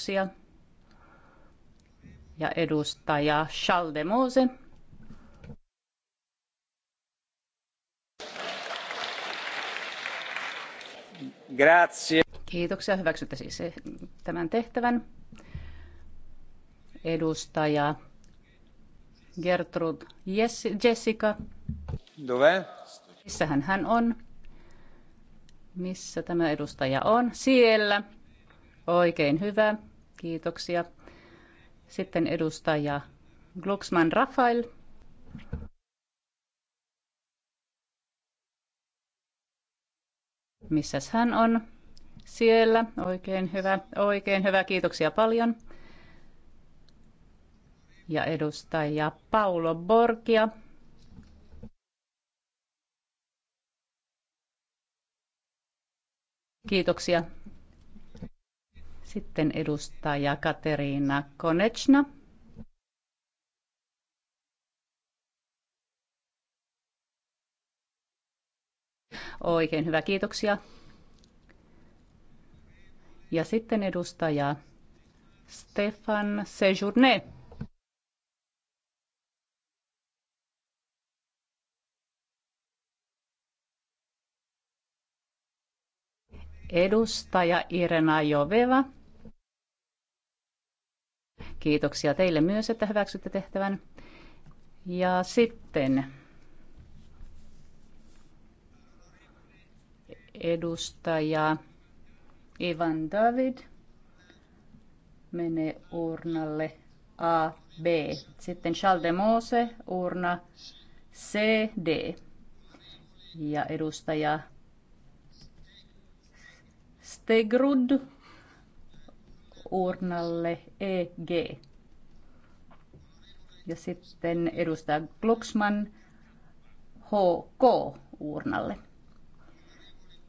Kiitoksia. Ja edustaja Schaldemose. Grazie. Kiitoksia. Hyväksytte siis tämän tehtävän. Edustaja Gertrud Jess, Jessica. Dove? Missähän hän on? Missä tämä edustaja on? Siellä. Oikein hyvä. Kiitoksia. Sitten edustaja Glucksman Rafael. Missäs hän on? Siellä. Oikein hyvä. Oikein hyvä. Kiitoksia paljon. Ja edustaja Paulo Borgia. Kiitoksia. Sitten edustaja Kateriina Konechna. Oikein hyvä, kiitoksia. Ja sitten edustaja Stefan Sejourne. Edustaja Irena Joveva. Kiitoksia teille myös, että hyväksytte tehtävän. Ja sitten edustaja Ivan David menee urnalle A, B. Sitten Charles de Mose, urna C, D. Ja edustaja Stegrud urnalle EG. Ja sitten edustaja Glucksmann HK urnalle.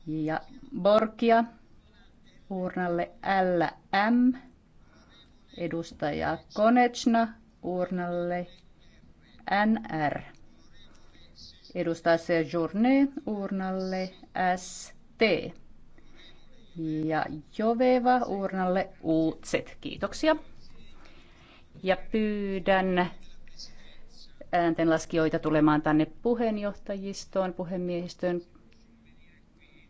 Ja Borkia urnalle LM. Edustaja Konechna urnalle NR. Edustaja Sejourne urnalle ST ja Joveva Uurnalle Uutset. Kiitoksia. Ja pyydän ääntenlaskijoita tulemaan tänne puheenjohtajistoon, puhemiehistöön,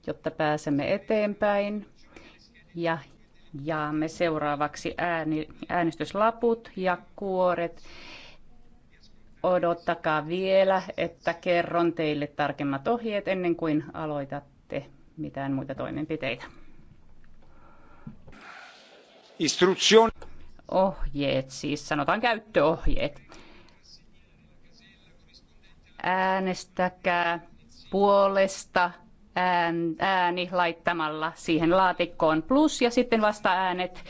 jotta pääsemme eteenpäin. Ja jaamme seuraavaksi ääni, äänestyslaput ja kuoret. Odottakaa vielä, että kerron teille tarkemmat ohjeet ennen kuin aloitatte mitään muita toimenpiteitä. Ohjeet, siis sanotaan käyttöohjeet. Äänestäkää puolesta ääni laittamalla siihen laatikkoon plus ja sitten vasta äänet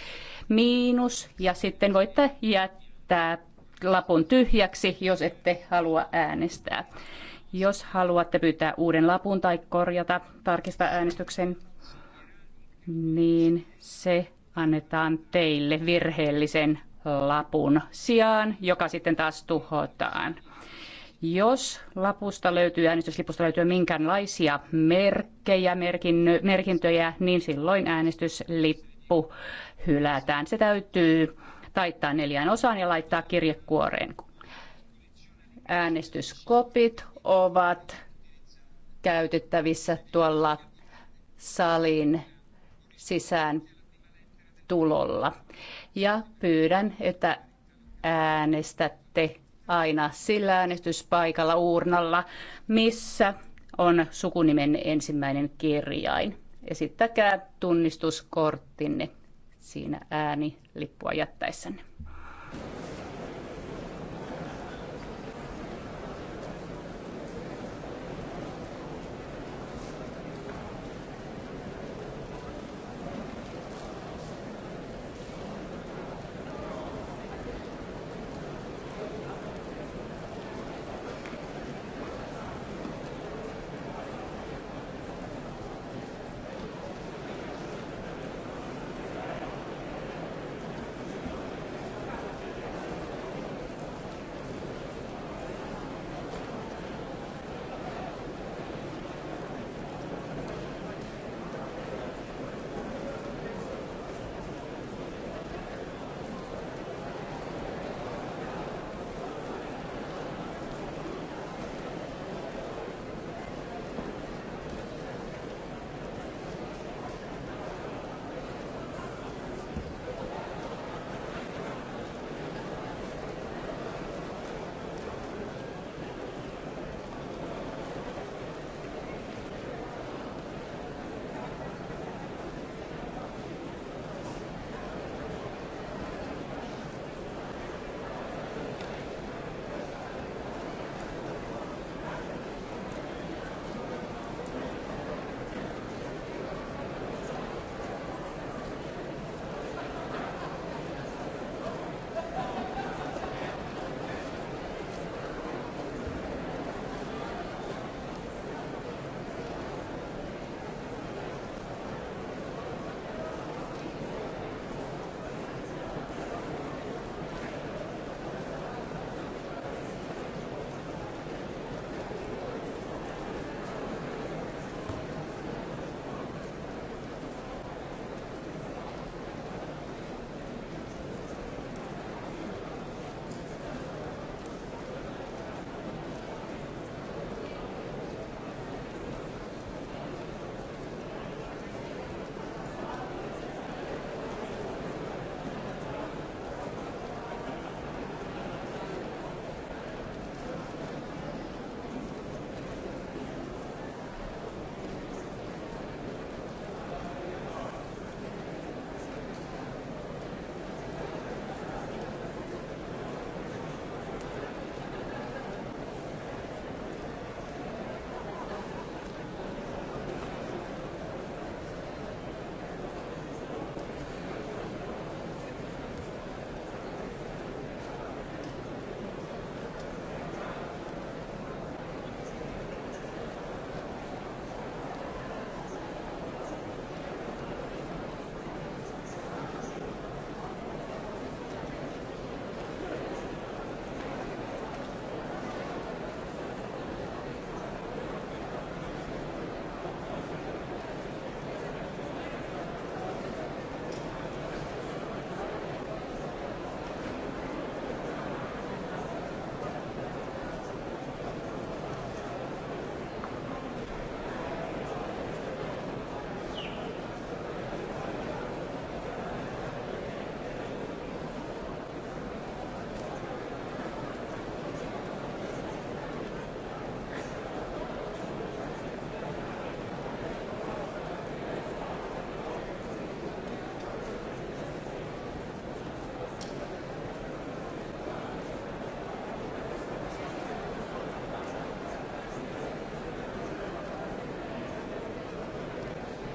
miinus ja sitten voitte jättää lapun tyhjäksi, jos ette halua äänestää. Jos haluatte pyytää uuden lapun tai korjata, tarkistaa äänestyksen, niin se annetaan teille virheellisen lapun sijaan, joka sitten taas tuhotaan. Jos lapusta löytyy, äänestyslipusta löytyy minkäänlaisia merkkejä, merkintöjä, niin silloin äänestyslippu hylätään. Se täytyy taittaa neljään osaan ja laittaa kirjekuoreen. Äänestyskopit ovat käytettävissä tuolla salin sisään tulolla. Ja pyydän, että äänestätte aina sillä äänestyspaikalla uurnalla, missä on sukunimen ensimmäinen kirjain. Esittäkää tunnistuskorttinne siinä äänilippua jättäessänne.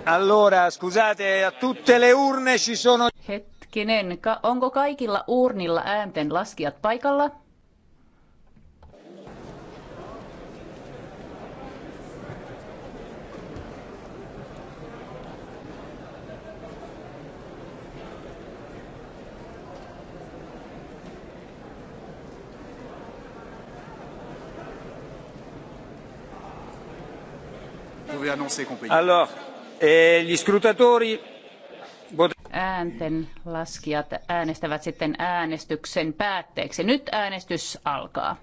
Allora, scusate, a tutte le urne ci sono... Hetkinen, Ka- onko kaikilla urnilla äänten laskijat paikalla? Alors, E, gli äänten laskijat äänestävät sitten äänestyksen päätteeksi. Nyt äänestys alkaa.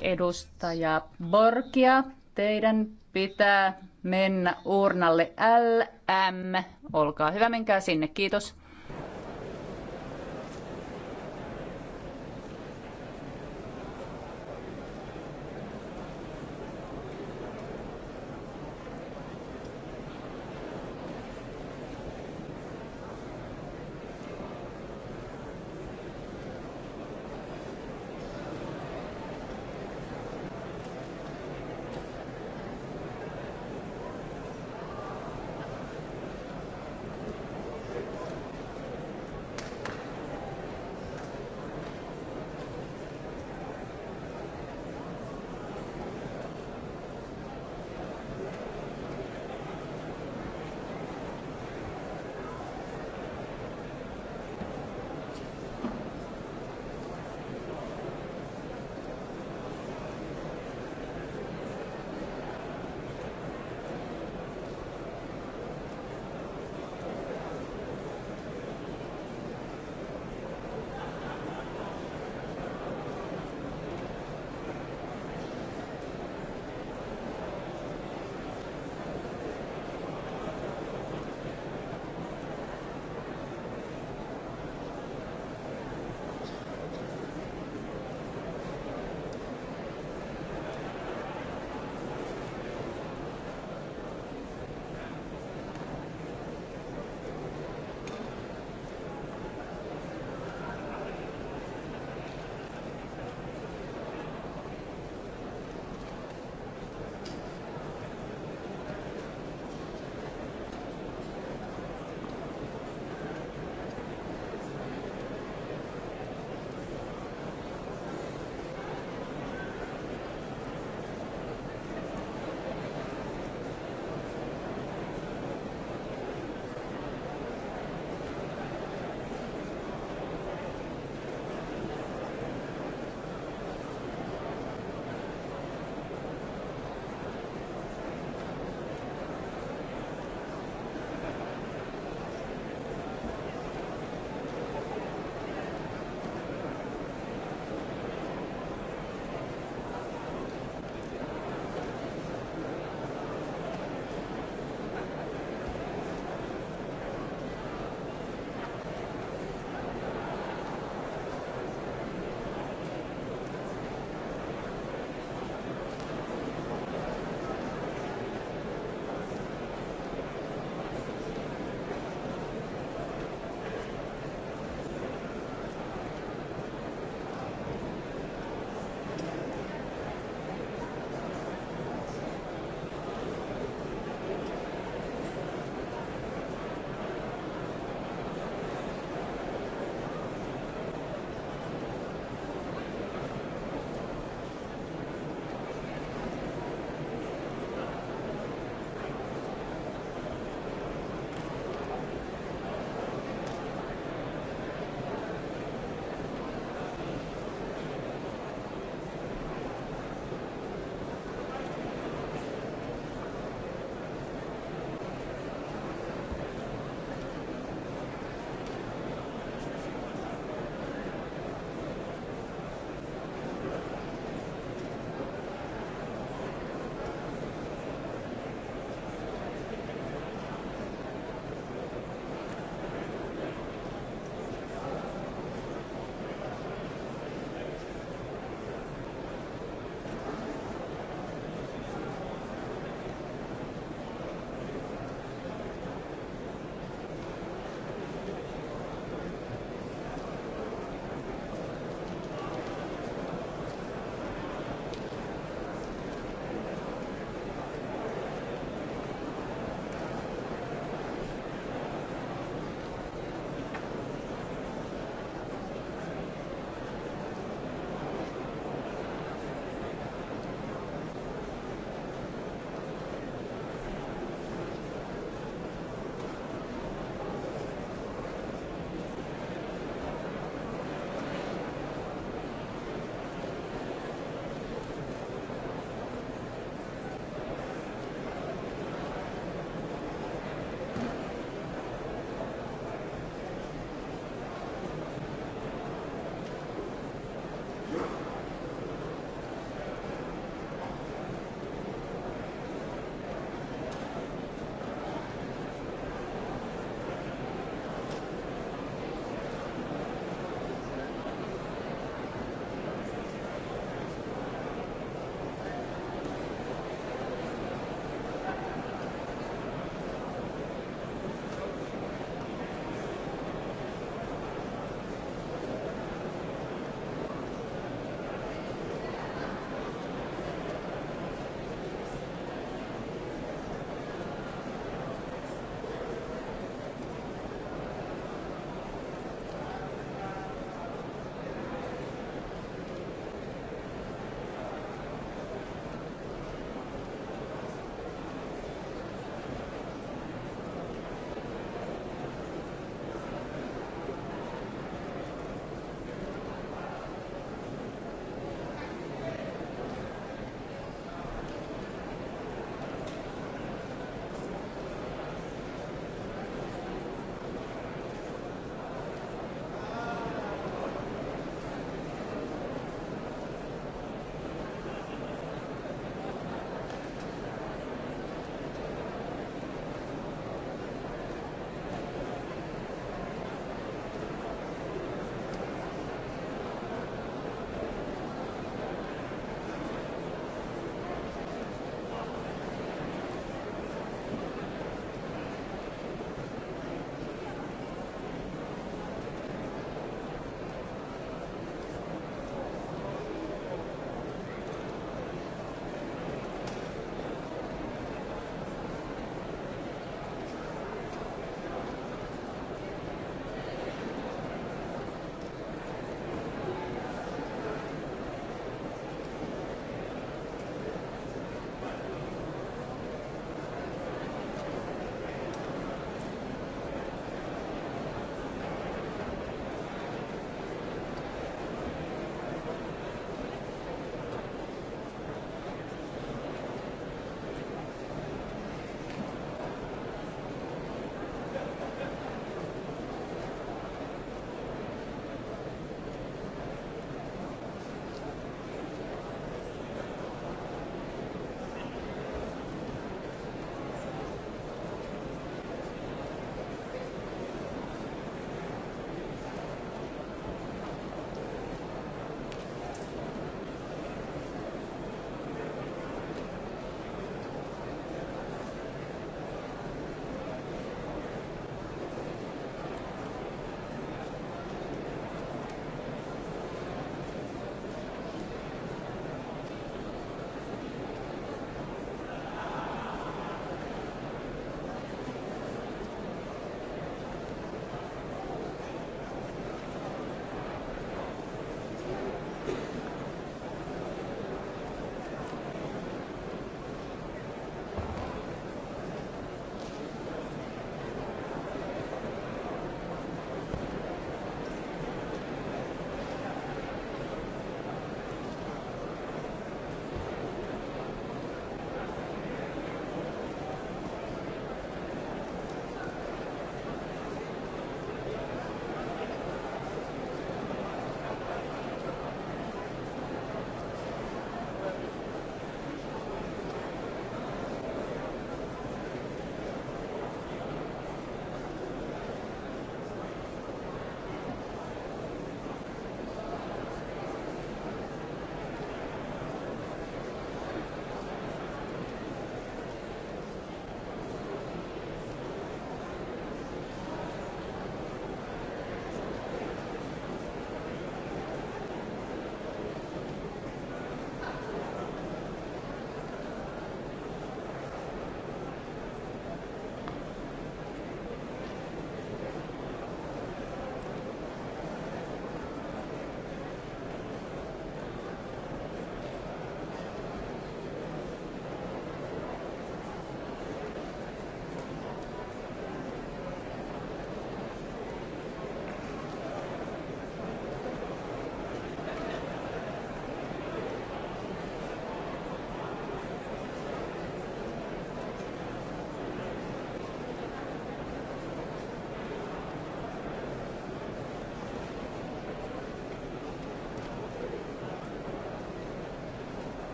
Edustaja Borgia, teidän pitää mennä urnalle LM. Olkaa hyvä, menkää sinne. Kiitos.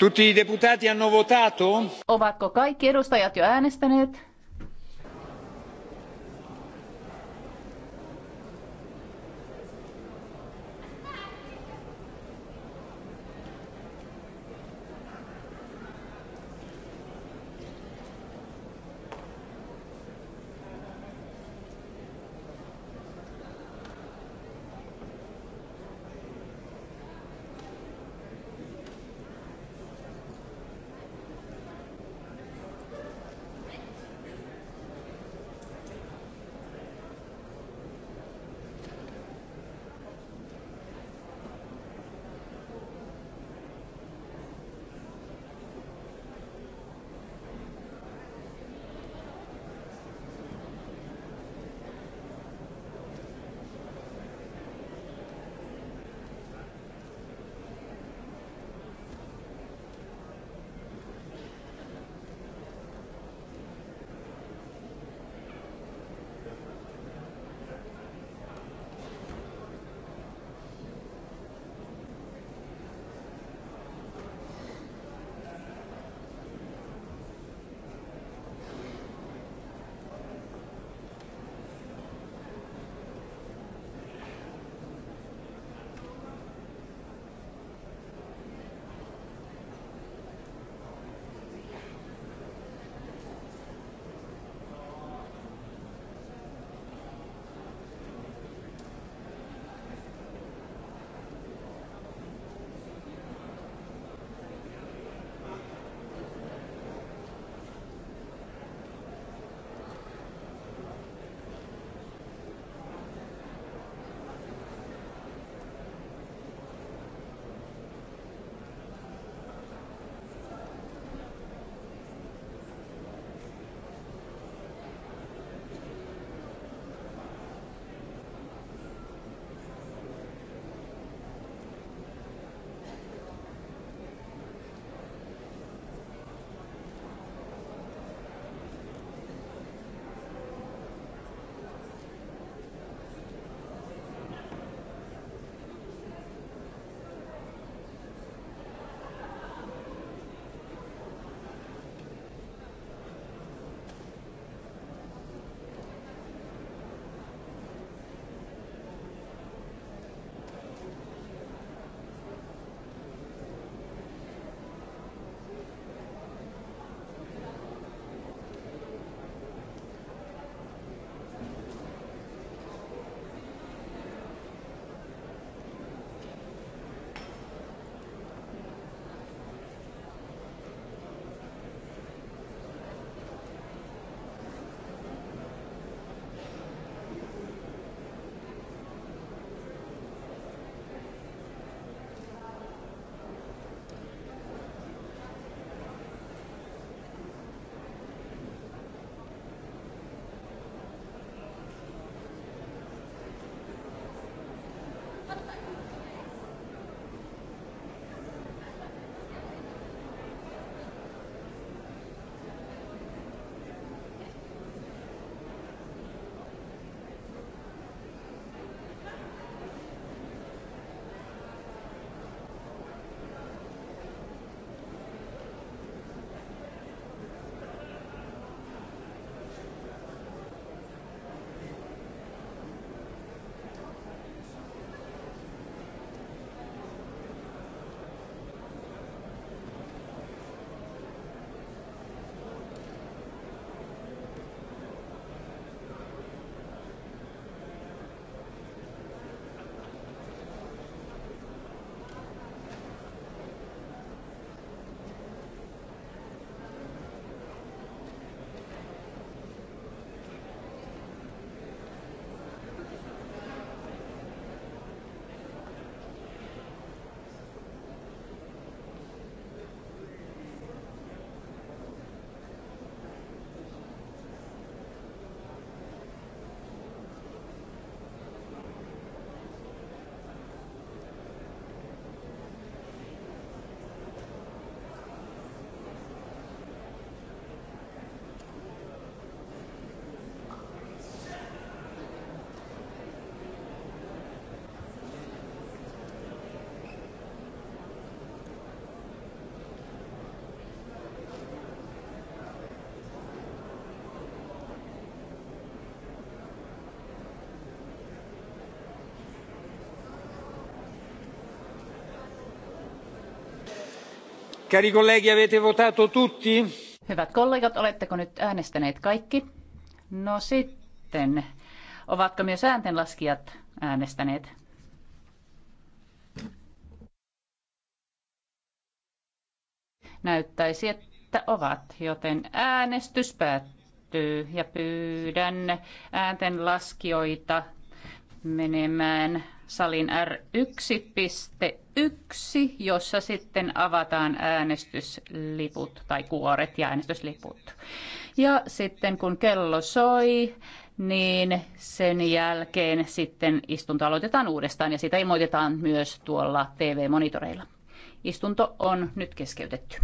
Tutti i deputati hanno votato? Ovatko kaikki edustajat jo äänestäneet? Cari colleghi, avete votato tutti? Hyvät kollegat, oletteko nyt äänestäneet kaikki? No sitten, ovatko myös ääntenlaskijat äänestäneet? Näyttäisi, että ovat, joten äänestys päättyy ja pyydän ääntenlaskijoita menemään salin R1.1, jossa sitten avataan äänestysliput tai kuoret ja äänestysliput. Ja sitten kun kello soi, niin sen jälkeen sitten istunto aloitetaan uudestaan ja sitä ilmoitetaan myös tuolla TV-monitoreilla. Istunto on nyt keskeytetty.